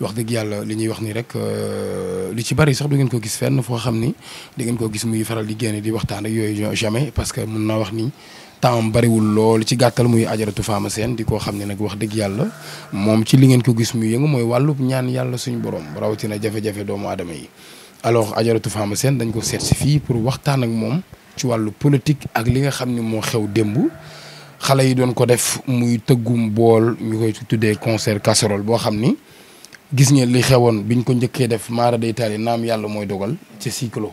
wax deug yalla li ñuy wax ni rek euh, li ci bari sax du ngeen ko gis fenn fo xamni di ngeen ko gis muy faral di gene di waxtaan ak yoy jamais parce que mun naa wax ni temps wul lool ci gàttal muy ajaratu faama seen di ko xamni nak wax deug yalla mom ci li ngeen ko gis muy yeng moy walu ñaan yalla suñu borom rawti na jafé jafé doomu adama yi. alors ajaratu faama seen dañ ko seet pour waxtaan ak mom ci walu politique ak li nga xamni mo xew dembu xalé yi doon ko def muy teggum bol ñu tuddé concert casserole bo xamni gis ngeen li xewoon bi ñu ko njëkkee def maara day taali naam yàlla mooy dogal ci cyclo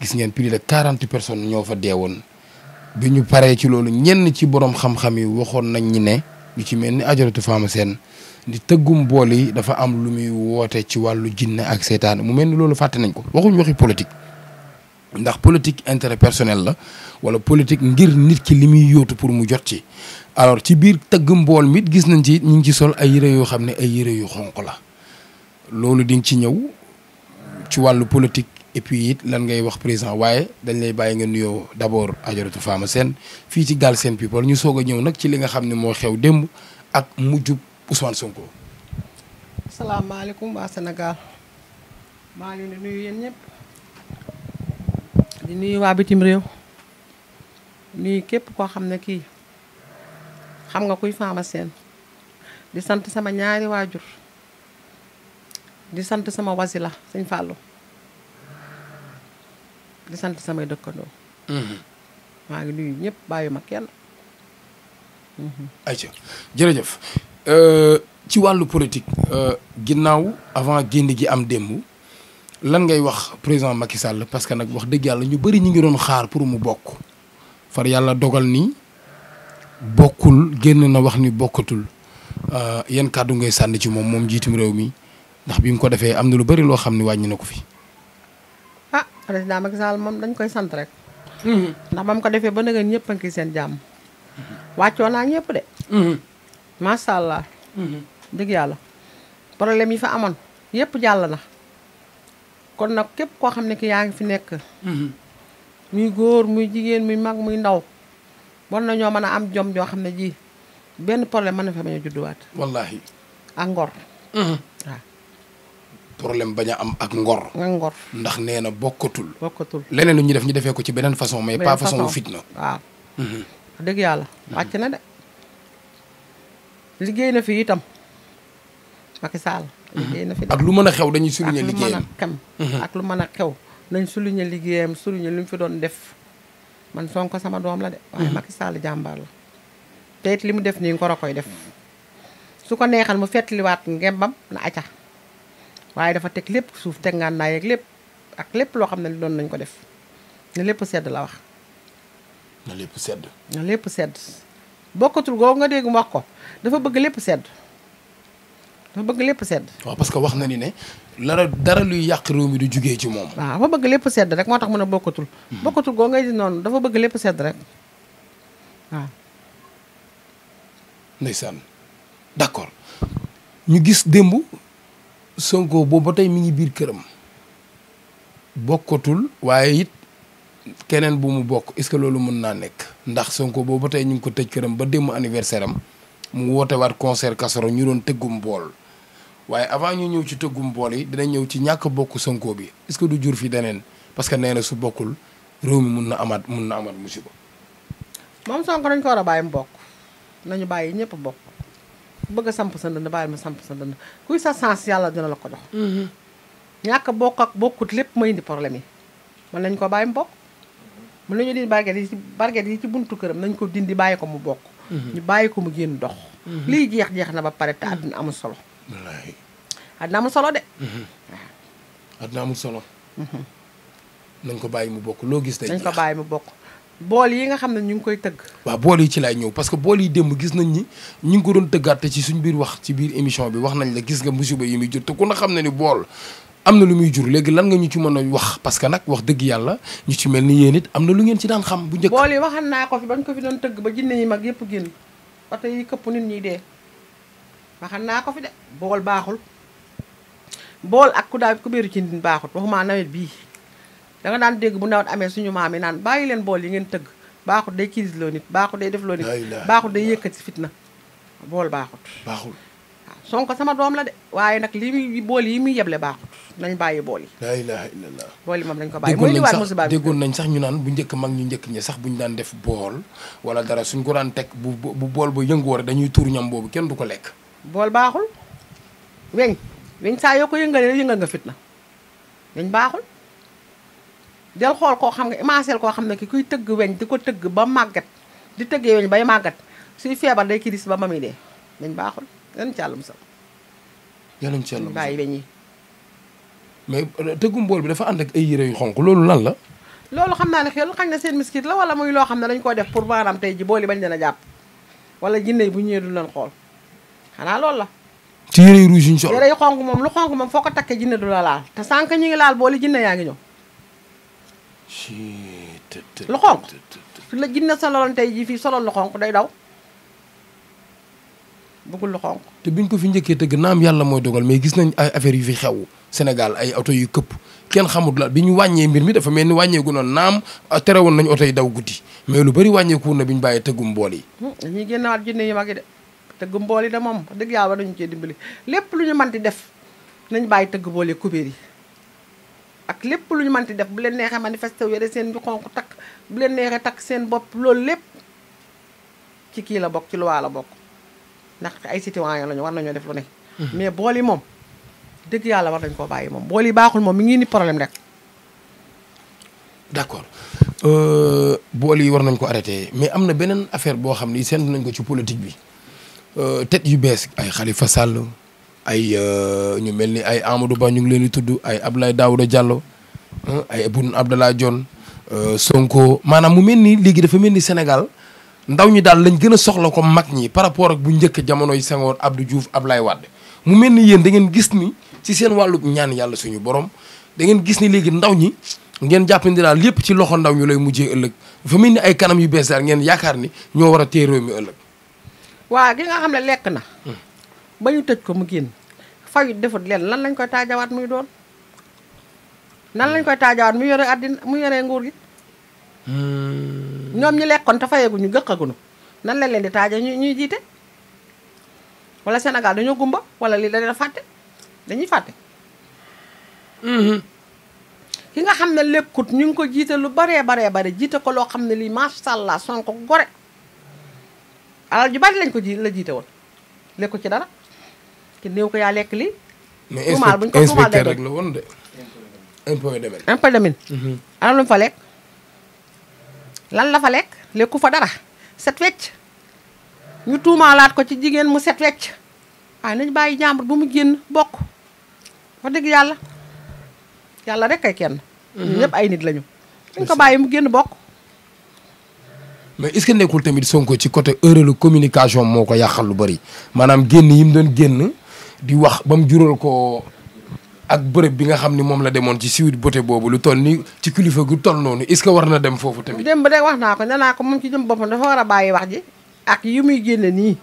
gis ngeen plus de quarante personnes ñoo fa dee woon bi ñu paree ci loolu ñenn ci borom xam-xam yi waxoon nañ ñi ne ñu ci mel ni ajaratu faama seen di tëggum mbool yi dafa am lu muy woote ci wàllu jinne ak seytaane mu mel ni loolu fàtte nañ ko waxuñ waxi politique ndax politique intérêt personnel la wala politique ngir nit ki li muy yootu pour mu jot ci alors ci biir tëgg mbool mit gis nañ ci ñu ngi ci sol ay yére yoo xam ne ay yére yu xonq la loolu di ci ñëw ci wàllu politique et puis it lan ngay wax président waaye dañ lay bàyyi nga nuyoo d' abord Ajaratu Fama Sène fii ci Galsen People ñu soog a ñëw nag ci li nga xam ne moo xew démb ak mujjub Ousmane Sonko. salaamaaleykum waa Sénégal maa ngi leen di nuyu yéen ñëpp di nuyu waa bitim réew nuyu képp koo xam ne kii xam nga kuy Fama di sant sama ñaari waajur. di sant sama wasila sëñ Fallou di sant samay dëkkandoo. Mm-hmm. maa ngi nuyu ñëpp bàyyi ma kenn. Mm-hmm. ayca jërëjëf euh, ci wàllu politique euh, ginnaaw avant génn gi am démb lan ngay wax président Macky Sall parce que nag wax dëgg yàlla ñu bari ñu ngi doon xaar pour mu bokk far yàlla dogal ni bokkul génn na wax ni bokkatul euh, yan kàddu ngay sànni ci moom moom njiitum réew mi. ndax bimu ko defé am lu bari lo xamni wañi nako fi. ah président mak Sall mom dañ koy sant rek. Mhm. ndax bam ko defé ba nag ñepp a ngi seen jàmm. Mhm. wàccoo naa ñëpp de. Mhm. sha allah. deug yalla problème yi fa amone yëpp jàll na. kon nak kep ko xamni ki yaangi fi nek hmm muy goor muy jigen muy mag muy ndaw bon nañoo mën am jom jo xamni ji ben problème mëna fa mëna a wat wallahi ak ngor. waaw problème bañ a am ak ngor. ngor ndax nee na bokkatul. bokkatul leneen lu ñu def ñu defee ko ci beneen façon. mais pas façon fitna. waaw. Mhm. dëgg yàlla wàcc na de liggéey na fi itam Macky Sall. Mhm. liggéey na fi ak lu mën a xew dañuy souligner liggéeyam mhm. ak lu mën a xew nañ souligner liggéeyam souligner lu fi doon def man Sonko sama doom la de. waaye Macky Sall jàmbaar la te it def nii ngor koy def su ko neexal mu fettaliwaat ngembam na acca waye dafa tek lepp suuf nga nay ak lepp ak lepp lo xamne doon nañ ko def ne lepp sedd la wax. na lepp sedd. na lepp sedd bokatul googu nga dégg mu wax ko dafa bëgg lepp sedd dafa bëgg lepp sedd. wa parce que wax na ni ne dara dara luy yàq réew mi du jugee ci moom. waaw dafa bëgg lépp sedd rek moo tax mu ne bokkatul. Mhm. bokkatul ngay di noonu dafa bëgg lépp sedd rek waaw. ndeysaan d'accord ñu gis démb. Sonko boobu ba tey mi ngi biir këram bokkatul waaye it keneen bu mu bokk est-ce que loolu mën naa nekk ndax Sonko boobu tey ñu ngi ko tëj këram ba démb anniversaire am mu woote waat concert kasaro ñu doon tëggum bool waaye avant ñu ñëw ci tëggum bool yi dina ñëw ci ñàkk bokk Sonko bi est que du jur fi deneen parce que nee na su bokkul réew mi mun na amaat mun na amaat musiba moom Sonko dañ ko war a bàyyi mu bokk nañu bàyyi ñëpp bokk bëgg a samp sa ndënd bàyyil ma samp sa ndënd kuy sa sens yàlla dina la ko dox mm-hmm. ñàkk bokk ak bokkut lépp ma indi problème yi mën nañ ko bàyyi mu bokk. mën nañu dindi barget yi ci barget yi ci buntu këram nañ ko dindi bàyyi ko mu bokk. Mm-hmm. ñu bàyyi ko mu génn dox. Mm-hmm. lii jeex jeex na ba pare te àdduna amul solo. wallaahi. àdduna amul solo de. waaw. àdduna amul solo. na ko bàyyi mu bokk loo gis. dañ ko bàyyi mu bokk. bool yi nga xam ne ñu ngi koy tëgg. waaw bool yi ci laay ñëw parce que bool yi démb gis nañ ni ñu ngi ko doon tëggaate ci suñ biir wax ci biir émission bi wax nañ la gis nga musiba yi muy jur te ku na xam ne ni bool am na lu muy jur léegi lan nga ñu ci mën a wax parce que nag wax dëgg yàlla ñu ci mel ni yéen it am na lu ngeen ci daan xam bu njëkk. bool yi waxan naa ko fi bañ ko fi doon tëgg ba jinne yi mag yëpp génn oto yi këpp nit ñi dee waxan naa ko fi de bool baaxul bool ak ku daal ku béeru ci nit baaxul waxumaa nawet bii da daan dégg bu nawet amee suñu maam yi naan bàyyi leen bool yi ngeen tëgg baaxut day kiis loo nit baaxut day def loo nit baaxut day yëkkati fitna bool baaxut baaxul waaw sama doom la de waaye nag li muy bool yi muy yeble baaxut nañ bàyyi bool yi laa ilaha moom nañ ko bàyyi mooy liwaat musiba bi déggoon nañ sax ñu naan bu njëkk mag ñu njëkk ñi sax bu ñu def bool wala dara suñ ko daan teg bu bu bool ba yënguwar dañuy tuur ñam boobu kenn du ko lekk bool baaxul weñ weñ saa yoo ko yëngalee yëngal nga fitna weñ baaxul del xool koo xam nga imancel koo xam ne ki kuy tëgg weñ di ko tëgg ba màggat di i weñ bay màggat suy feebar day kiris ba mami dee dañ baaxul yan ci àllum sal sax ci àllum bàyyi weñ yi mais euh, tëggu mbool bi dafa ànd ak ay yu xonq loolu lan la loolu xam naa ne xel xañ na seen miskit la wala muy loo xam ne dañ koy def pour maanaam tey ji bool yi bañ dana jàpp wala jinne yi bu ñëwee du leen xool xanaa loolu la ci yére yu rouge yi ñu sol foo ko takkee jinne du la laal te sànq ñu ngi laal booli jinne yaa ngi ñëw lu xonq fi la jinne solaloon tey jii fii solo lu day daw bëggul lu te bi biñ ko fi njëkkee tëgg naam yàlla mooy dogal mais gis nañ ay affaire yu fi xew Sénégal ay oto yu këpp kenn xamut la bi ñu wàññee mbir mi dafa mel ni wàññeeku noonu naam ah, tere woon nañ oto yi daw guddi mais lu bari wàññeeku na bi ñu bàyyee tëggum mbool yi hmm, dañuy génnaat tëgg mbool yi de dëgg yàlla war nañu dimbali lépp lu ñu mën di def nañ bàyyi tëgg mbool yi yi ak lépp lu ñu mënti def bu leen neexee manifester yore seen bi xonq takk bu leen neexee takk seen bopp loolu lépp ci kii la bokk ci loi la bokk ndax ay citoyen lañu war nañoo def lu ne. Mhm. mais bool yi moom dëgg yàlla war nañ koo bàyyi moom bool yi baaxul moom mi ngi ni problème rek. d' accord euh, bool yi war nañ ko arrêté mais am na beneen affaire boo xam ni seen nañ ko ci politique bi euh, tête yu bees ay xalifa Sall. ay euh, ñu mel ni ay Amadou Ba ñu ngi leen di tudd ay Abdoulaye Daouda Diallo ay Boun Abdallah Dionne euh, Sonko maanaam mu mel ni léegi dafa mel ni Sénégal ndaw ñi daal lañ gën a soxla ko mag ñi par rapport ak bu njëkk jamonoy Senghor Abdou Diouf Abdoulaye Wade mu mel ni yéen da ngeen gis ni ci seen wàllub ñaan yàlla suñu borom da ngeen gis ni léegi ndaw ñi ngeen jàpp ni daal lépp ci loxo ndaw ñu lay mujjee ëllëg fa mel ni ay kanam yu bees daal ngeen yaakaar ni ñoo war a téye mi ëllëg. waaw gi ba ñu tëj ko mu génn fayut defut leen lan lañ koy taajawaat muy doon nan lañ koy taajawaat mu yore àddina mu yore nguur gi hmm. ñoom ñi lekkoon te fayeeguñu gëqaguñu nan lañ leen di taaja ñu ñuy jiite wala senegal dañoo gumba wala lii dañu fàtte dañuy fàtte hmm. ki nga xam ne lekkut ñu ngi ko jiite lu baree baree bare jiite ko loo xam ne lii macha allah Sonko gore alal ju bari lañ ko ji la jiite woon lekku ci dara te néew ko yaa lekk li mais inspecteur rek la woon de. impôt domaine impôt domaine. anam lu mu fa lekk lan la fa lekk lekku fa dara set wecc ñu tuumaalaat ko ci jigéen mu set wecc waaye nañ bàyyi jàmbur bu mu génn bokk wax dëgg yàlla yàlla rek kay kenn. Mhm. ñëpp ay nit lañu. dañ ko bàyyi mu génn bokk. mais est-ce que nekkul tamit Sonko ci côté erreur communication moo ko yàqal lu bari maanaam génn yi mu doon génn. di wax ba mu ko ak bërëb bi nga xam ni moom la demoon ci siwit bote boobu lu toll ni ci kilifa gu toll noonu est-ce war na dem foofu tamit. dem ba de wax naa ko nee naa ko moom ci jëm boppam dafa a bàyyi wax ji ak yi muy génne nii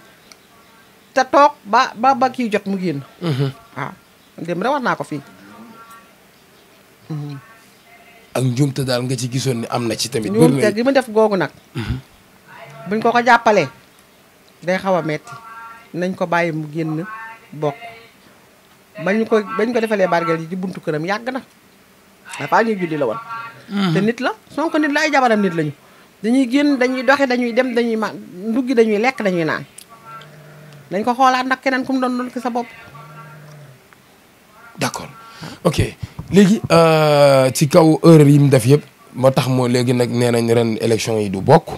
te toog ba ba jot mu génn. Mhm. waaw naa ko fii. Mhm. ak njuumte daal nga ci gisoon ni am na ci tamit. njuumte gi mu def googu nag. Mhm. buñ ko ko jàppalee day xaw a metti nañ ko bàyyi mu génn. bokk bañ ko bañ ko defalee bargeel yi ci buntu këram yàgg na dafa ñuy julli la woon mm-hmm. te nit la Sonko nit la ay jabaram nit lañu dañuy génn dañuy doxe dañuy dem dañuy ma nduggi dañuy lekk dañuy naan dañ ko xoolaat nag keneen ku mu doon doon ki sa bopp d'accord ok léegi euh, ci kaw erreur yi mu def yëpp motax mo legui nak nenañ ren élection yi du bok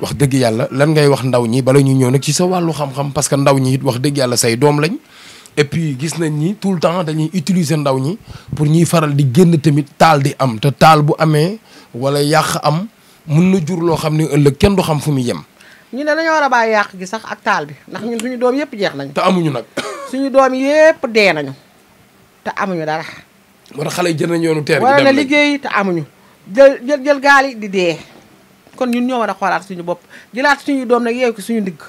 wax deug yalla lan ngay wax ndaw ñi bala ñu ñëw nak ci sa walu xam-xam parce que ndaw ñi it wax deug yalla say dom lañ et puis gis nañ ni tout le temps dañuy utiliser ndaw ñi pour ñi faral di génn tamit taal di am te taal bu amé wala yàq am mën na jur lo xamni ne kenn du xam fu muy yem. ñu ne dañu wara a bàyyi gi sax ak taal bi ndax ñun suñu dom yépp jeex nañu. te amuñu nak suñu dom yépp dee nañu te amuñu dara. mo tax xale yi jël nañu yoonu teer bi dem wala liggéey te amuñu jël jël gaal yi di dee kon ñun ñoo war a xoolaat suñu bopp jëlaat suñu doom nag yeew ki suñu ndigg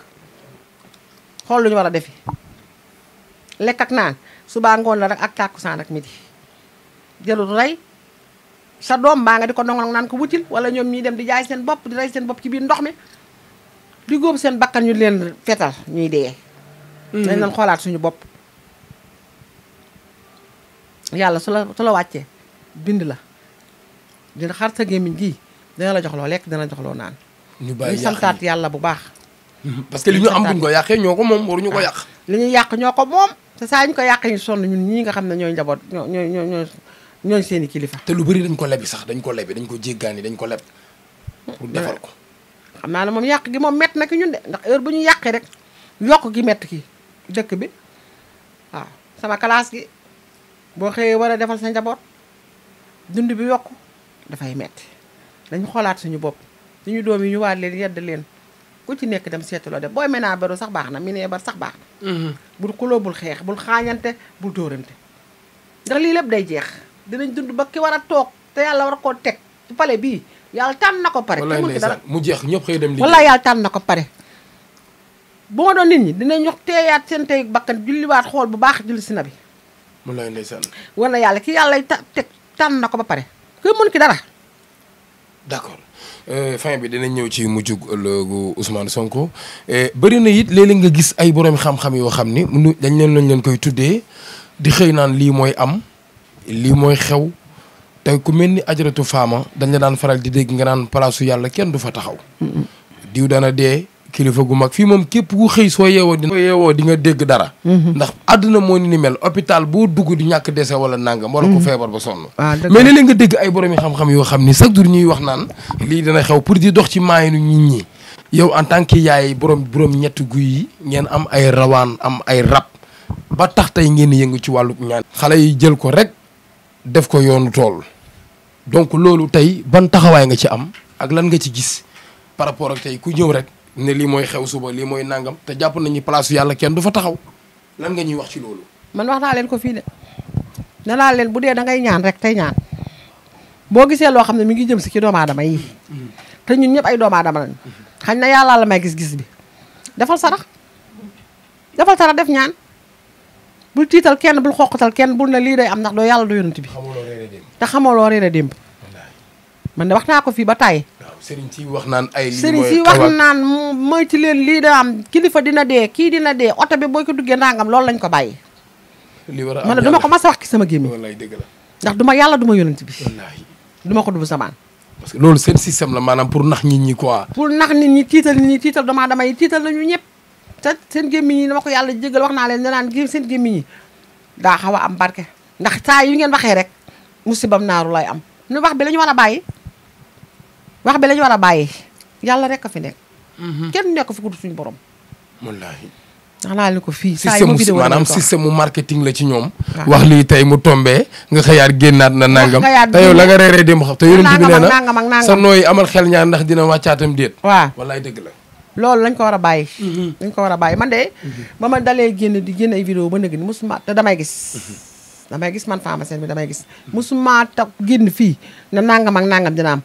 xool lu ñu war a defi lekk ak naan baa ngoon la rek ak tàkkusaan ak midi jëlul rey sa doom baa nga di ko dongal naan ko wutil wala ñoom ñuy dem di jaay seen bopp di rey seen bopp ci biir ndox mi di góob seen bakkan ñu leen fetal ñuy dee. dañ mm-hmm. leen xoolaat suñu bopp yàlla su la su la wàccee bind la dina xar sa gémmiñ gi dina la jox loo lekk dina jox loo naan. ñu bàyyi yàq yàlla bu baax. parce que li ñu am buñ ko yàqee ñoo ko moom ñu ko ah. yàq. li ñuy yàq ñoo ko moom te saa ñu ko yàq ñu sonn ñun ñii nga xam ne ñooy njaboot ñoo ñoo ñoo ñooy seen i kilifa. te lu bëri dañ ko lebi sax dañ ko lebi dañ ko jéggaani dañ ko leb pour defar ko. xam naa ne moom yàq gi moom métti na ki ñun de ndax heure bu ñu yàqee rek yokk gi mett ki jëkk bi waaw sama kalaas gi boo xëyee war a defal sa njaboot dund bi yokk dafay metti dañ xoolaat suñu bopp suñu doom yi ñu waat leen yedd leen ku ci nekk dem seetuloo def booy menaa baru sax baax na mi ne ba sax baax na mm-hmm. bul xuloo bul xeex bul xaañante bul dóorante ndax lii lépp day jeex dinañ dund ba ki war a toog te yàlla war koo teg ci pale bii yàlla tànn na ko pare mu ci dara mu jeex ñëpp xëy dem wala tànn na ko pare bu ma doon nit ñi dinañ jox teeyaat seen tey bakkan julliwaat xool bu baax julli si na bi mu lay ndeysaan war na yàlla ki yàlla teg tànn na ko ba pare ku mën ki dara. d' accord euh, fin bi dinañ ñëw ci mujjug ëllëgu Ousmane Sonko euh, bëri na it léeg nga gis ay borom xam-xam yoo xam ni munu dañ leen lañ leen koy tuddee di xëy naan lii mooy am lii mooy xew te ku mel ni ajaratu faama dañ la daan faral di dégg nga naan palaasu yàlla kenn du fa taxaw. diw dana dee kilifa gu mag fii moom képp ku xëy soo yeewoo di. soo yeewoo dégg dara. Mhm. ndax àdduna moo ni mel hôpital boo dugg di ñàkk dese wala nangam. wala ko mhm. feebar ba sonn. Ah, mais léeg-léeg nga dégg ay boromi xam-xam yoo xam ni sax jour ñuy wax naan lii dana xew pour di dox ci maayanu nu ñi. yow en tant que yaay borom borom ñetti guy yi ngeen am ay rawaan am ay rab ba tax tey ngeen yëngu ci wàllu ñaan. xale yi jël ko rek def ko yoonu tool donc loolu tey ban taxawaay nga ci am ak lan nga ci gis par rapport ak tey ku ñëw rek. ne li moy xew suba li moy nangam te japp nañu place yalla kenn du fa taxaw lan nga ñuy wax ci lolu man wax na len ko fi de ne naa leen bu da ngay ñaan rek tay ñaan bo gisé lo xamné mi ngi jëm ci ki doom adam yi te ñun ñep ay doom adam lañ xañ na yalla la may gis-gis bi defal sarax defal sarax def ñaan bu tital kenn bu xoxtal kenn bu na li day am ndax doo yàlla du yonent bi. te xamoo man de wax na ko fi ba sëriñ si wax naan ay lii sëriñ si wax naan moytu leen lii daa am kilifa dina dee kii dina dee oto be boo ko duggee nangam loolu lañ ko bàyyi. li war a man du ma ko mas a wax sama gémmiñ. wallaay dëgg la ndax du ma yàlla duma ma yonent bi. wallaahi du ma ko dugg samaan. parce que loolu seen système la maanam pour nax nit ñi quoi. pour nax nit ñi tiital nit ñi tiital damaa damay tiital nañu ñëpp. te seen gémmiñ yi dama ko yàlla jégal wax naa leen danaan naan seen gémmiñ yi daa xaw a am barke ndax saa yu ngeen waxee rek musibam naaru lay am nu wax bi la ñu war a bàyyi wax bi lañu war a bàyyi yàlla rek a fi nekk. Mhm. kenn nekk fi ku dul suñu borom. wallaahi. xanaa li ko fii saa yu vidéo maanaam système mu marketing la ci ñoom. wax lii tey mu tombé nga xëyaat génnaat na nangam. te yow la nga reeree démb xam te yonent bi nee na sa nooy amal xel ñaar ndax dina wàccaatam déet. waaw wallaay dëgg la. loolu lañ ko war a bàyyi. dañ mhm. ko war a bàyyi man de. Mhm. ba ma dalee génn di génn ay vidéo ba nag ni mosuma te damay gis. damay gis man pharmacien bi damay gis mosuma ta génn fii na nangam ak nangam dina am.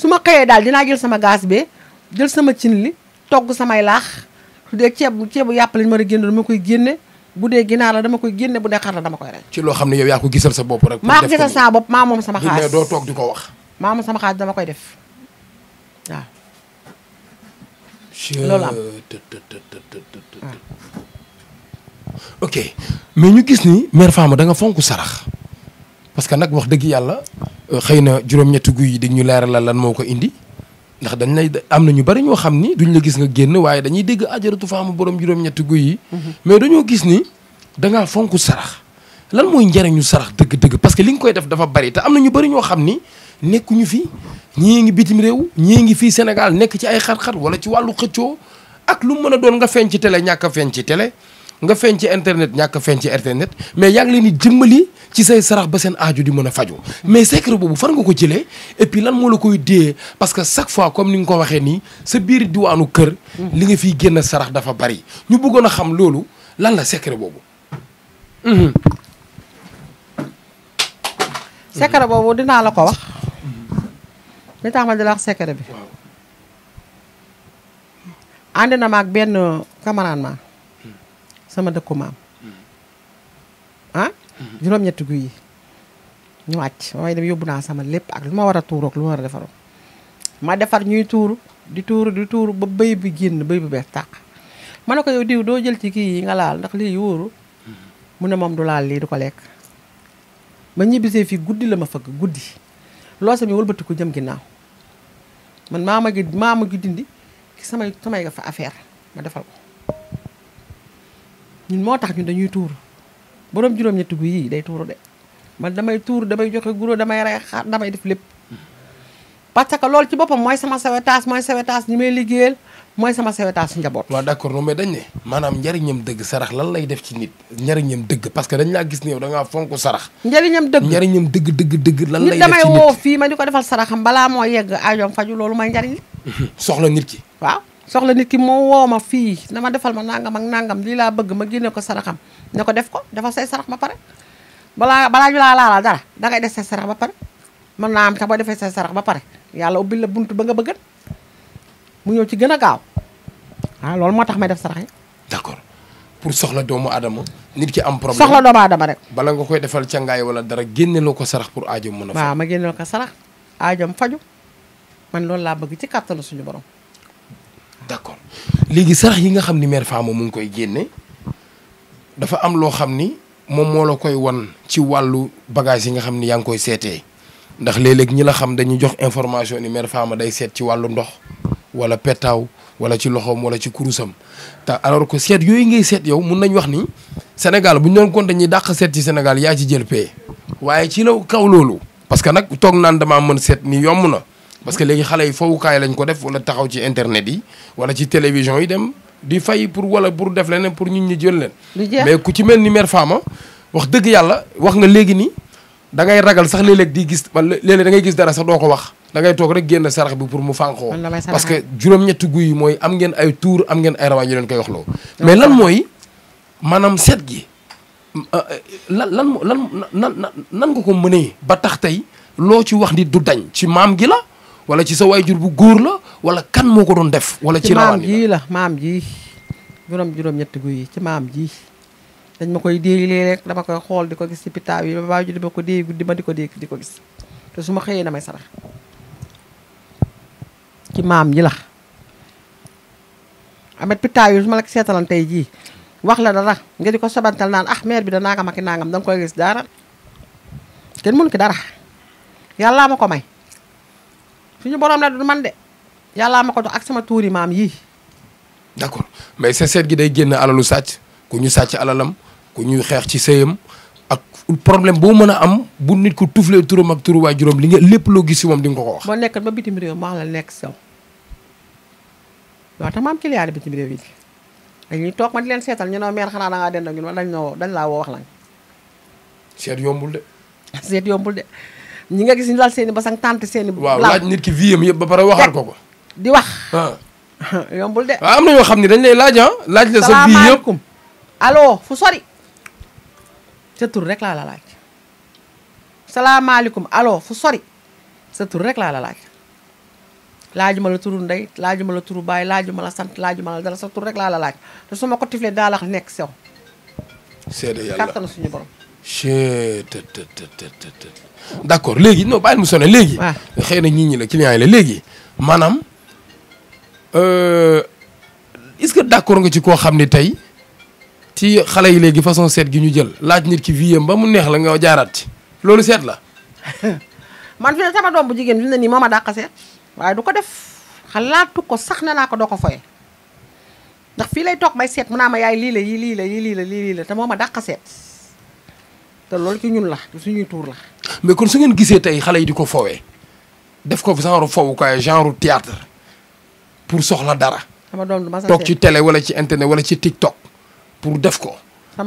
suma xeye dal, dina jël sama gas be jël sama cinli togg sama laax su de ciéb bu ceebu yàpp lañ mëna a génn dama koy génne bu de ginaar la dama koy génne bu de xar la dama koy rey. ci lo xam yow ya ko gissal sa bop rek. maa gisal sa bop ma mom sama xaar do togg diko wax. ma mom sama xaar dama koy def wa loolu am ok mais ñu gis ni mère Fama da nga fonku sarax. parce que nag wax dëgg yàlla euh, xëy na juróom-ñetti guy yi di ñu leeralal lan moo ko indi ndax dañ lay am na ñu bari ñoo xam ni duñ la gis nga génn waaye dañuy dégg ajaratu faamu borom juróom-ñetti guy yi. Mm-hmm. mais dañoo gis ni danga ngaa fonk sarax. lan mooy njariñu sarax dëgg-dëgg parce que li nga koy def dafa bari te am na ñu bari ñoo xam ni nekkuñu fi ñii ngi bitim réew ñii ngi fii Sénégal nekk ci ay xar-xar wala ci wàllu xëccoo ak lu mën a doon nga feeñ ci télé ñàkk feeñ ci télé nga ci internet ñak a ci internet mais yaa ngi leen di jëmmali ci say sarax ba sen aaju di mëna faju mais secret bobu fan nga ko jëlé et puis lan mo la koy dee parce que chaque fois comme ni nga ko waxé ni sa biir kër. li nga fi génn sarax dafa bari ñu bëggoon a xam lolu lan la secret hmm secret bobu dina la ko wax. li tax ma di secret bi. ma camarade ma sama dëkku maam hmm. ah juróom-ñetti guy yi ñu wàcc ba dem yóbbu sama lépp ak lu ma war a tuurook lu ma war a defaroo ma defar ñuy tuuru di tuuru di tuuru ba bëy bi génn bëy bi bees tàq ma ne ko yow diw doo jël ci kii yi nga laal ndax lii wóoru hmm. mu ne moom du laal lii du ko lekk ba ñibbisee fii guddi la ma fëgg guddi loo sam yi wëlbatiku jëm ginnaaw man mama gi maama gi dindi sama samay nga fa affaire ma defal ko ñun moo tax ñun dañuy tour borom juroom ñetti gu yi day tuuru de man damay tour damay joxe guro damay ray xaar damay def lepp parce que lool ci bopam moy sama sawetaas moy sawetaas ñi may liggéeyal moy sama sawetaas njabot wa d'accord no mais dañ né manam ñariñam deug sarax lan lay def ci nit ñariñam deug parce que dañ la gis ni yow da nga fonku sarax. ñariñam deug ñariñam deug deug deug lan lay def ci nit damay wo fi ma ñuko defal saraxam bala mo yegg ajoom faju lool mooy ñariñ soxla nit ki waaw soxla nit ki mo woo ma fii na defal ma nangam ak nangam li la bëgg ma génne ko saraxam ne ko def ko dafa say sarax ba pare bala bala ñu la laala dara ngay def say sarax ba pare man naa am tax boo defee say sarax ba pare yalla ubbi la buntu ba nga bëggat mu ñëw ci gëna gaaw ah lool motax may def sarax yi. d'accord pour soxla doomu aadama. nit ki am problème soxla doomu aadama rek. bala nga koy defal ngaay wala dara lo ko sarax pour aajo mëna fa ma ma lo ko sarax aajoom faju man lool la bëgg ci barong. suñu borom. d'accord léegi sarax yi nga xam ni mère Fama mu ngi koy génne dafa am loo xam ni moom moo la koy wan ci wàllu bagage yi nga xam ni yaa ngi koy seetee ndax léeg-léeg ñi la xam dañuy jox information ni mère Fama day seet ci wàllu ndox wala petaaw wala ci loxoom wala ci kurusam te alors ko seet yooyu ngay seet yow mun nañ wax ni Sénégal bu ñu doon compter ñi dàq seet ci Sénégal yaa ci jël paie waaye ci la kaw loolu. parce que nag toog naan damaa mën seet ni yomb na parce que les xalé yi lañ ko def wala internet yi wala ci télévision yi dem di fay pour wala pour def mais ku ci mel mère Fama wax deug yalla wax nga légui ni da ngay ragal sax di gis wala da ngay gis dara sax wax. da ngay rek sarax pour mu parce que juroom guuy moy am ngeen ay tour am ngeen ay koy wax mais lan moy manam set gi euh, euh, lan lan nan nga ko ba tax tay lo ci wax ni du dañ ci gi wala ci sa wayjur bu goor la wala kan moko don def. wala ci rawaan yi la mam ji juróom juróom ñett guuy ci mam ji dañ ma koy déeli rek dama koy xol diko gis ci pitaw yi baaw ji di ma ko déey guddi ma diko ko diko gis te suma ma xëyee damay sarax ci mam ji la. amet pitaw yi suma ma la seetalan tey jii wax la dara nga diko sabantal naan ah maire bi da naka ak nangam koy gis dara ken mun ki dara yalla mako may. suñu borom la du man de yàllaa ma ko jox ak sama tuuri maam yii. d'accord mais sa seet gi day génn alalu sàcc ku ñu sàcc alalam ku ñuy xeex ci sëyam ak problème boo mën a am bu nit ko tuflee turam ak turu waajuram li lépp loo gis si moom di nga ko ko wax. boo nekkat ba bitim réew ma wax nekk saw ma am client bitim réew yi dañuy toog ma di leen seetal ñu ne meer xanaa da ngaa dend ak ñun dañ ñoo dañ laa woo wax lañ. seet yombul de. seet yombul de. ñi nga gis ñu lal seen i basang tànt seen i waaw laaj nit ki vie am yëpp ba pare waxaat ko ko di wax ah. yombul de ah, am na ñoo xam ne dañ lay laaj ah laaj la sa vie yëpp allo fu sori sa tur rek laa la laaj salaamaaleykum allo fu sori sa tur rek laa la laaj ma la turu ndey laajuma la turu baay laajuma la sant laajuma la dara sa tur rek laa la laaj te su ma ko tiflee daa nekk sew seede yàlla suñu borom che të të të të d' accord léegi non bàyyil mu sonné léegi. xëy na ñii ñi la client yi la léegi maanaam euh, est-ce que d' accord nga ci koo xam ne tey ci xale yi léegi façon seet gi ñu jël laaj nit ki vie ba mu neex la nga jaaraat ci loolu seet la. man fi ne sama doom bu jigéen fi ne nii moo ma dàq seet waaye du ko def xalaatu ko sax ne naa ko doo ko foye ndax fii lay toog may seet mu naa ma yaay lii la yii lii la yii lii la lii la te moo ma dàq seet. c'est ce ci ñun la suñuy tour. la. mais un su ngeen gisee tey xale yi di ko def ko genre un genre théâtre pour soxla dara. Tok tu ci télé wala ci internet wala ci TikTok pour def ko.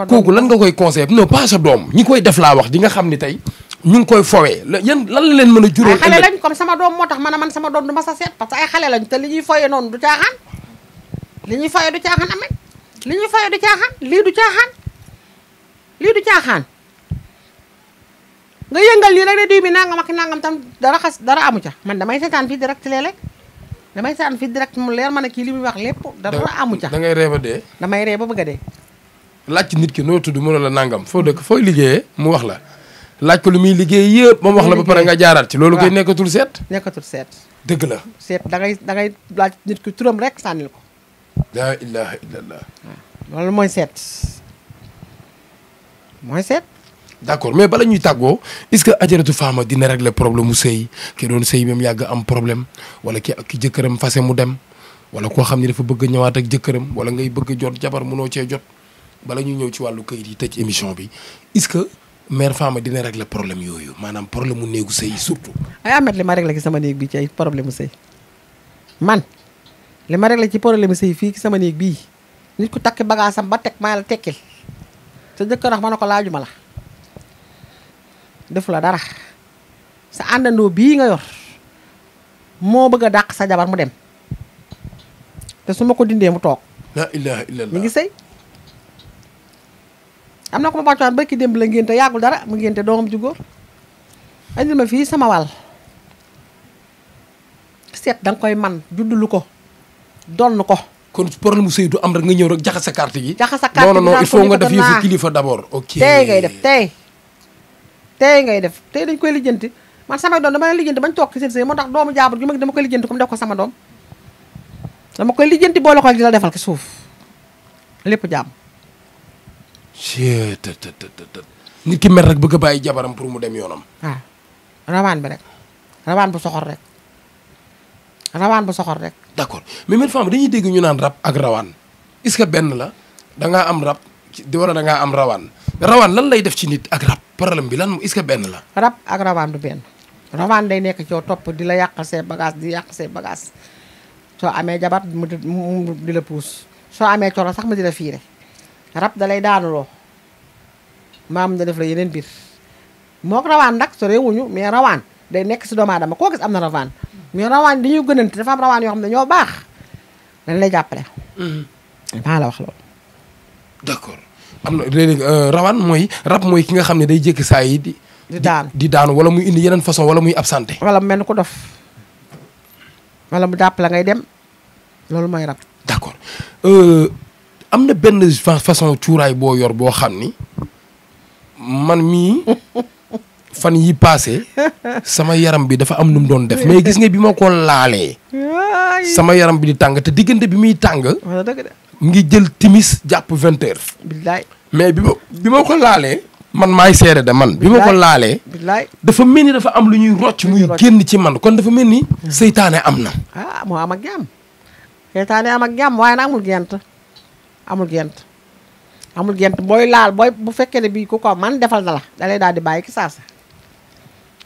kooku lan nga koy conseil non pas sa dom. ñi koy def laa wax di nga ni quest ñu ngi koy fowee lan comme sama doom man a sama du parce ay lañ te li ñuy du li ñuy du n'est pas li ñuy n'est du Ce du pas nga yengal lii rek di diw nangam ak nangam tam dara khas dara amu ca man damay setan fi direct lele damay setan fi direct mu leer man ne limi wax lepp dara amu ca da ngay reba de damay reba beug de lacc nit ki no tuddu mo la nangam fo dekk fo liggey mu wax la lacc ko limi liggey iya, yeb yëpp wax la ba pare nga jaarat ci lolou koy nekatul set nekatul set deug la set da ngay da ngay lacc nit ki turam rek sanil ko la ilaha illallah lolou moy set. moy set. d' accord mais bala ñuy tàggoo est ce que ajaratu faama dina régler problème mu sëy ki doon sëy même yàgg am problème wala ki ki jëkkëram fase mu dem wala koo xam ni dafa bëgg ñëwaat ak jëkkëram wala ngay bëgg jot jabar mu noo cee jot bala ñu ñëw ci wàllu kayit yi tëj émission bi est ce que mère faama dina régler problème yooyu maanaam problème mu néegu sëy surtout. ay amet li ma régler ci sama néeg bi ci ay problème sëy man li ma régler ci problème mu sëy fii ci sama néeg bii nit ku takk bagaasam ba teg maa la tekkil sa ma ne ko laaju ma la. def la dara sa andando bi nga yor mo bëgg dak sa jabar mu dem te suma ko dindee mu tok la ilaha illallah mi ngi sey amna na ko ma bàccuwaan ba ki démb la ngenté yagul dara mu ngenté doomam ju gor andil ma fi sama wal set dang koy man juddul ko don ko. kon problème seydou am rek nga ñew rek jaxase carte yi. jaxase carte non non il faut nga def yëfu kilifa d'abord. ok tay ngay def tay tay ngay def tay dañ koy lijeenti man sama doom dama lijeenti bañ tok ci seen sëy moo tax doomu jaabur gi mag dama koy lijeenti kum def ko sama doom dama koy bo boole ko dina defal ki suuf lepp jaam. chien të të të nit ki mer rek bëgg a jabaram pour mu dem yoonam. ah rawaan bi rek rawaan bu soxor rek rawaan bu soxor rek. d'accord mais même femme dañuy dégg ñu naan rap ak rawaan est-ce que benn la da nga am rap di wara da nga am rawaan rawaan lan lay def ci nit ak rap problème bi lan est ce ben la. rab ak rawaan du benn rawaan day nek ci top di la yàq say bagage di yak say bagage so amé jabat mu di la puus soo amee sax ma di la fiire rab dalay lay daanuloo Mam da def la yeneen biir mook rawaan nak so rewuñu mais rawaan day nek ci doma aadama ko gis amna na rawaan mais rawaan di ñu gënënt dafa am rawaan yo xamna ño bax dañ lay hmm maa la wax d'accord. am na léeg-léeg euh, mooy rab mooy ki nga xam ne day jékki saa yi di. di di daanu wala muy indi yeneen façon wala muy absenté. wala mu mel ni ku dof wala mu dàpp la ngay dem loolu mooy rab. d'accord euh, am na benn façon cuuraay boo yor boo xam ni man mii. fan yi paase sama yaram bi dafa am nu mu doon def mais gis nga bi ma ko laalee sama yaram bi di tàng te diggante bi muy tàng ngi jël timis jàpp vingt heures billaay mais bi ma bi ma ko laalee man maay seere de man bi ma ko laalee dafa mel ni dafa am lu ñuy rocc muy génn ci man kon dafa mel ni hmm. seytaane am na ah moo am ak jàmm seytaane am ak jàmm waaye nag amul gent amul gent gent booy laal booy bu fekkee ne bii ku ko man defal na la da daal di bàyyi ki saasa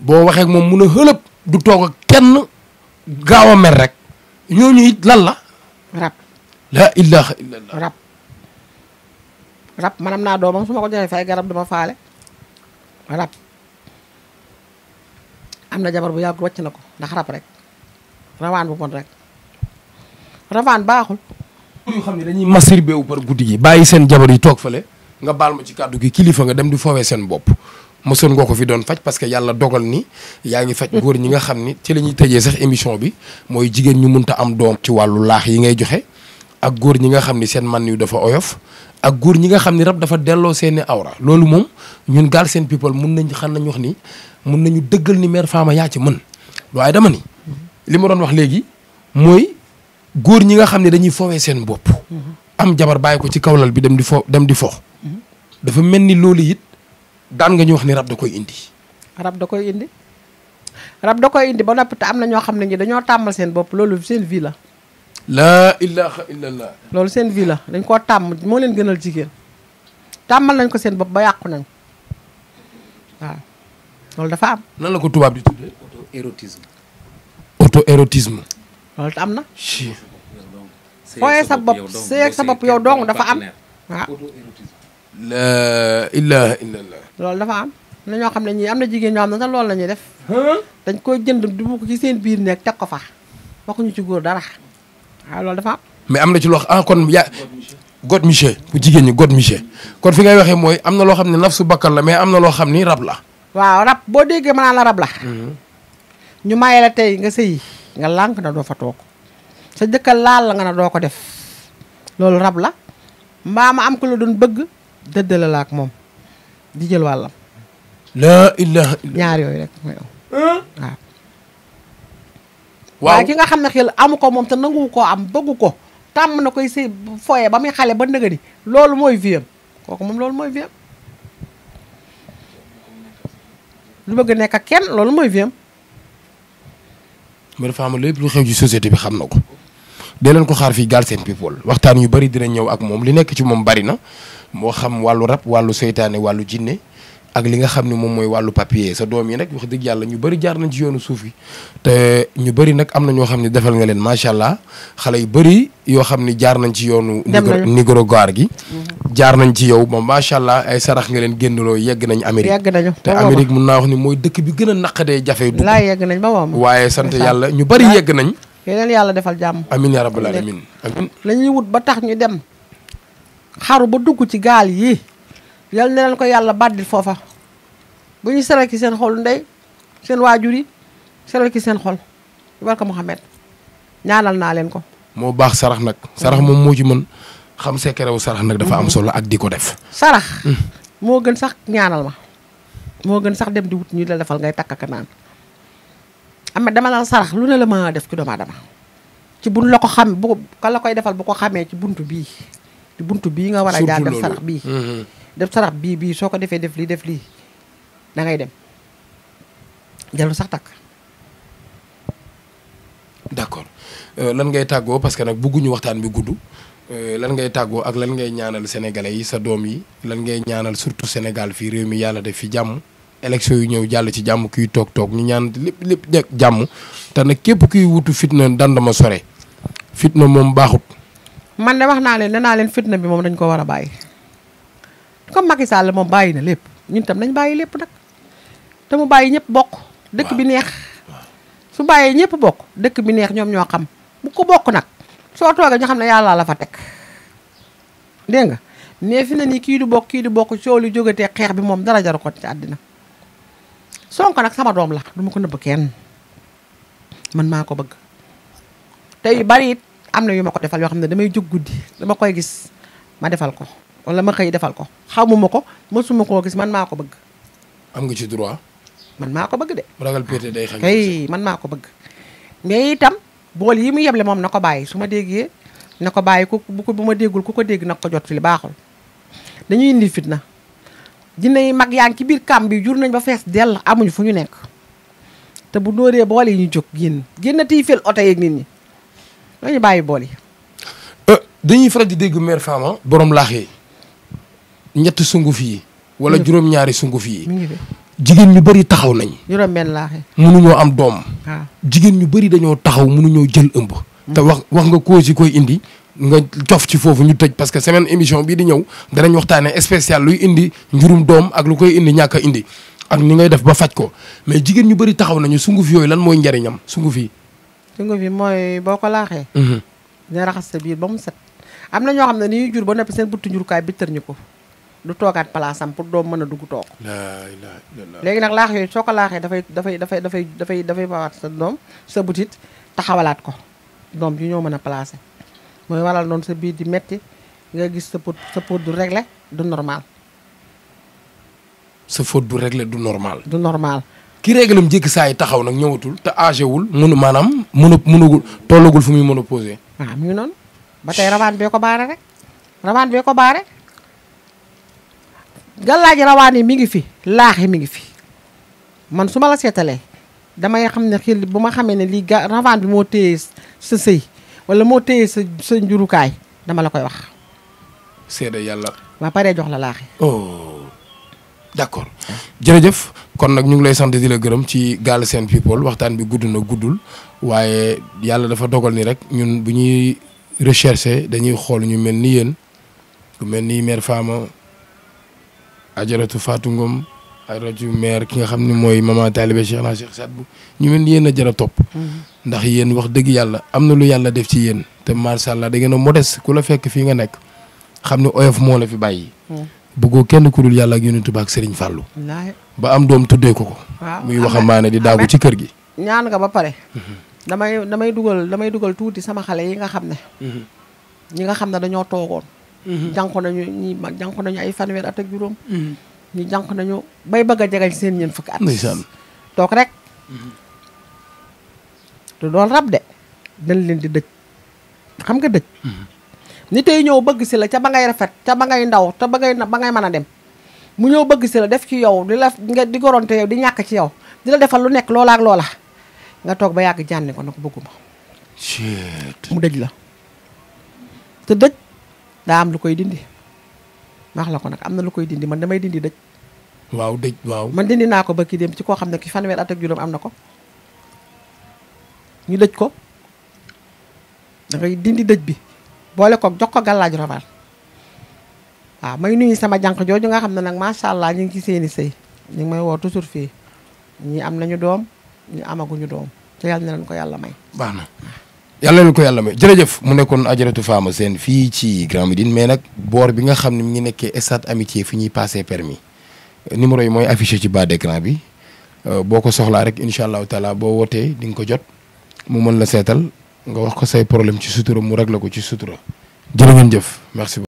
boo waxee moom mun a xëlëb du toog ak kenn gaaw a mer rek ñooñu it lan la. rab la ilaha illallah. rab rab manam naa doomam su ma ko joxee fay garab duma faale rab am na jabar bu yàgg wàcc na ko ndax rab rek rawaan bu bon rek rawaan baaxul. yu xam ne dañuy masir beewu par guddi gi bàyyi seen jabar yi toog fale nga baal ma ci kàddu gi kilifa nga dem di foowee seen bopp mësoon nga ko fi doon faj parce que yàlla dogal ni yaa ngi faj góor ñi nga xam ni ci la ñuy tëjee sax émission bi mooy jigéen ñu ta am doom ci wàllu laax yi ngay joxe ak góor ñi nga xam ni seen man ni dafa oyof ak góor ñi nga xam ni rab dafa delloo seeni awra loolu moom ñun gaal seen people mun nañ xam nañ wax ni mun nañu dëggal ni mère Fama yaa ci mën waaye dama ni li ma doon wax léegi mooy góor ñi nga xam ne dañuy foowee seen am jabar bàyyi ko ci kawlal bi dem di fo dem di fo dafa mel ni loolu it daan nga ñu wax ni rab da koy indi. rab da koy indi rab da koy indi ba noppi te am na ñoo xam ne ñi dañoo tàmmal seen bopp loolu seen vie la. laa ilaha loolu seen vie la dañ koo tàmm moo leen gënal jigéen tàmmal nañ ko seen bopp ba yàqu nañ waaw loolu dafa am. nan la ko tubaab di tuddee auto érotisme. auto am na. fooyee sa bopp seeg sa bopp yow dong dafa am waaw. la loolu dafa am na ñoo xam ne ñii am na jigéen ñoo xam ne sax loolu la def. dañ koo jënd du ko ci seen biir nekk teg ko fa waxuñu ci góor dara waaw loolu dafa am. mais am na ci loo xam ah kon jigéen ñi god monsieur fi ngay waxee mooy am na loo xam ne naf su bakkan la mais am na loo xam ni rab la. waaw rab boo déggee ma naa la rab la. ñu maye la tey nga sëyi nga lànk na doo fa toog sa jëkkal laal la nga na doo ko def loolu rab la mbaa ma am ko la doon bëgg. dëddale moom di jël wàllam. la ilaha illallah ñaar yooyu rek mooy am. waaw. waaw waaye ki nga xam ne xel amu ko moom te nanguwu koo am bëggu ko tàmm na koy sëy fooyee ba muy xale ba nëgë loolu mooy vie am kooku moom loolu mooy vie am lu bëgg nekk ak kenn loolu mooy vie am. ma dafa am lépp lu xew ci société bi xam na ko. dee leen ko xaar fii Galsen People waxtaan yu bari dina ñëw ak moom li nekk ci moom bari na moo xam wàllu rab wàllu seytaane wàllu jinne ak li nga xam ne moom mooy wàllu papier sa doom yi nag wax dëgg yàlla ñu bëri jaar nañ ci yoonu suuf yi te ñu bëri nag am na ñoo xam ne defal nga leen macha allah xale yu bëri yoo xam ne jaar nañ ci yoonu. nigro gaar gi. Mm-hmm. jaar nañ ci yow ba macha allah ay sarax nga leen génnaloo yegg nañ Amérique. yegg nañu te Amérique naa wax ni mooy dëkk bi gën a naqadee jafe. dugg laa yegg nañ waaye sant yàlla ñu bari yegg nañ. yeneen yàlla defal jàmm. amiin yaa rabbal aalamiin amiin la ñuy wut ba tax ñu dem xaru ba dugg ci gaal yi yal na ko yàlla bàddil foofa bu ñu seral seen xol ndey seen waajur yi seral seen xol barka Muhammad ñaanal naa leen ko. moo baax sarax nag sarax moom moo ci mën xam sekkerewu sarax nag dafa am solo ak di ko def. sarax. Mm. moo gën sax ñaanal ma moo gën sax dem di wut ñu la defal ngay takk ak naan. ama dama la sarax lu ne la ma def ci doomu aadama ci bun la ko xam bu ka la koy defal bu ko xamee ci bunt bii ci buntu bii nga war a jaar def sarax bii mm-hmm. def sarax bii bii soo ko defee def lii def lii da ngay dem jarul sax takk d'accord euh, lan ngay tàggoo parce que nag bugguñu waxtaan bi gudd euh, lan ngay tàggoo ak lan ngay ñaanal sénégalais yi sa doom yi lan ngay ñaanal surtout Sénégal fii réew mi yàlla def fi jàmm élection yu ñëw jamu ci jàmm kuy tok toog ñu ñaan lépp lépp nekk jàmm te nag képp kuy wutu fitna dandama sore fitna mom baaxut. man de wax naa leen nee leen fitna bi mom dañ ko war a bàyyi comme Macky Sall moom bàyyi na lépp ñun tam nañ bàyyi lépp nag te mu bàyyi ñëpp bok dëkk bi neex. su bàyyee ñëpp bok dëkk bi neex ñoom ñoo xam bu ko bok nag soo toogee ñu xam ne yàlla la fa teg dégg nga fi na nii du bok ki du bokk coow li jógatee xeex bi moom dara jaru ko ci adina Sonko nag sama doom la du ma ko nëbb kenn man maa ko bëgg te yu bari it am na yu ma ko defal yoo xam ne damay jóg guddi dama koy gis ma defal ko wala ma xëy defal ko xamuma ko mësuma koo gis man maa ko bëgg. am nga ci droit. ko bëgg de. ragal pété day man maa ko bëgg. mais itam bool yi mu yeble moom na ko bàyyi su ma déggee na ko bàyyi ku bu ma déggul ku ko dégg nag ko jot fi li baaxul dañuy indi fitna. jinne yi mag yaa ngi ci biir kàmb bi jur nañ ba fees dell amuñu fu ñu nekk te bu dóoree bool yi ñu jóg génn génn tiy fel oto yeeg nit ñi dañu bàyyi bool yi. Euh, dañuy faral di dégg mère Fama ah, borom laax yi sunguf yi wala juróom-ñaari sunguf yi. jigéen ñu bari taxaw nañ. juróom benn am doom. Ah. jigéen ñu bëri dañoo taxaw mënuñoo jël ëmb. te mm. wax wax nga cause yi koy indi nga cof ci foofu ñu tëj parce que semaine émission bii di ñëw danañ waxtaane spécial luy indi njurum doom ak lu koy indi ñàkk indi ak ni ngay def ba faj ko mais jigéen ñu bëri taxaw nañu sunguf yooyu lan mooy njariñam sunguf yi sunguf yi mooy boo ko laaxee mhm. dina raxas sa biir ba mu set am na ñoo xam ne ni jur ba noppi seen buttu njurukaay bi tër ñu ko du toogaat palaasam pour doom mën a dugg toog léegi nag laax yooyu soo ko laaxee dafay dafay dafay dafay dafay dafay bawaat doom sa butit taxawalaat ko doom yi ñoo mën a placé mooy waral noonu sa biir di metti nga gis sa pot sa pot du réglé du normal. sa pot bu réglé du normal. du normal. ki réglam jékki saa yi taxaw nag ñëwatul te âgé wul. mënu maanaam mënu mënugul tollagul fu muy mën a posé. waaw ah, noonu ba tey rawaan bee ko baare rek rawaan bee ko baare. gàllaaji rawaan yi mi ngi fi laax yi mi ngi fi man su ma la seetalee damay xam ne xel bu ma xamee ne lii ga rawaan bi moo téye sa sëy wala moo téye sa sa njurukaay dama la koy wax. seede yàlla. waa paree jox la laaxi. oh d'accord jërëjëf kon nag ñu ngi lay sant di la gërëm ci Galsen People waxtaan bi gudd na guddul waaye yàlla dafa dogal ni rek ñun bu ñuy recherché dañuy xool ñu mel ni yéen ku mel ni mère a ajaratu faatu ngoom ay roju maire ki nga xam ni mooy maman Talibé Cheikh naa Cheikh bu ñu mel yéen a a topp. Mhm. ndax yéen wax dëgg yàlla am na lu yàlla def ci yéen te macha allah da ngeen a ku la fekk fii nga nekk xam ne oyof moo la fi bàyyi. Mhm. bëggoo kenn ku dul yàlla ak yonent ba ak Serigne Fallou. ba am doom tuddee ko ko. muy waxambaane di daagu ci kër gi. ñaan nga ba pare. Mhm. damay damay dugal damay dugal tuuti sama xale yi nga xam ne. ñi nga xam ne dañoo toogoon. jànku nañu ñi mag jànku nañu ay fanweer at ñu jànq nañu bay bëgg a jegañ seen ñeent fukki at. ndeysaan toog rek. Mm-hmm. du doon rab de dañ leen di dëj xam nga dëj mm-hmm. ni tey ñëw bëgg si la ca ba ngay rafet ca ba ngay ndaw te ba ngay ba ngay mën a dem mu ñëw bëgg si la def ci yow di la nga di goronte yow di ñàkk ci yow di la defal lu nekk loola ak loola nga toog ba yàgg jànni ko na ko bëgguma mu dëj la te dëj daa am lu koy dindi wax la ko nag am na lu koy dindi man damay dindi dëj waaw dëj waaw man dindi naa ko ba ki dem ci koo xam ne ki fanweer at ak juróom am na ko ñu dëj ko da dindi dëj bi boole ko jox ko gàllaaju rabal waaw may nuyu sama jànq jooju nga xam ne nag macha allah ñu ngi ci seeni sëy ñu ngi may woo toujours fii ñii am nañu doom ñu amaguñu doom te yàlla na leen ko yàlla may baax na yàlla leen ko yàlla may jërëjëf mu nekkoon ajaratu Fama Sène fii ci Grand Médine mais nag boor bi nga xam ne mu ngi nekkee stade amitié fi ñuy passé permis numéro yi mooy affiché ci bas d'écran bi euh, boo ko soxlaa rek incha allahu taala boo wootee di nga ko jot mu mën la seetal nga wax ko say problème ci sutura mu réglé ko ci sutura jërë ngeen jëf merci beaucoup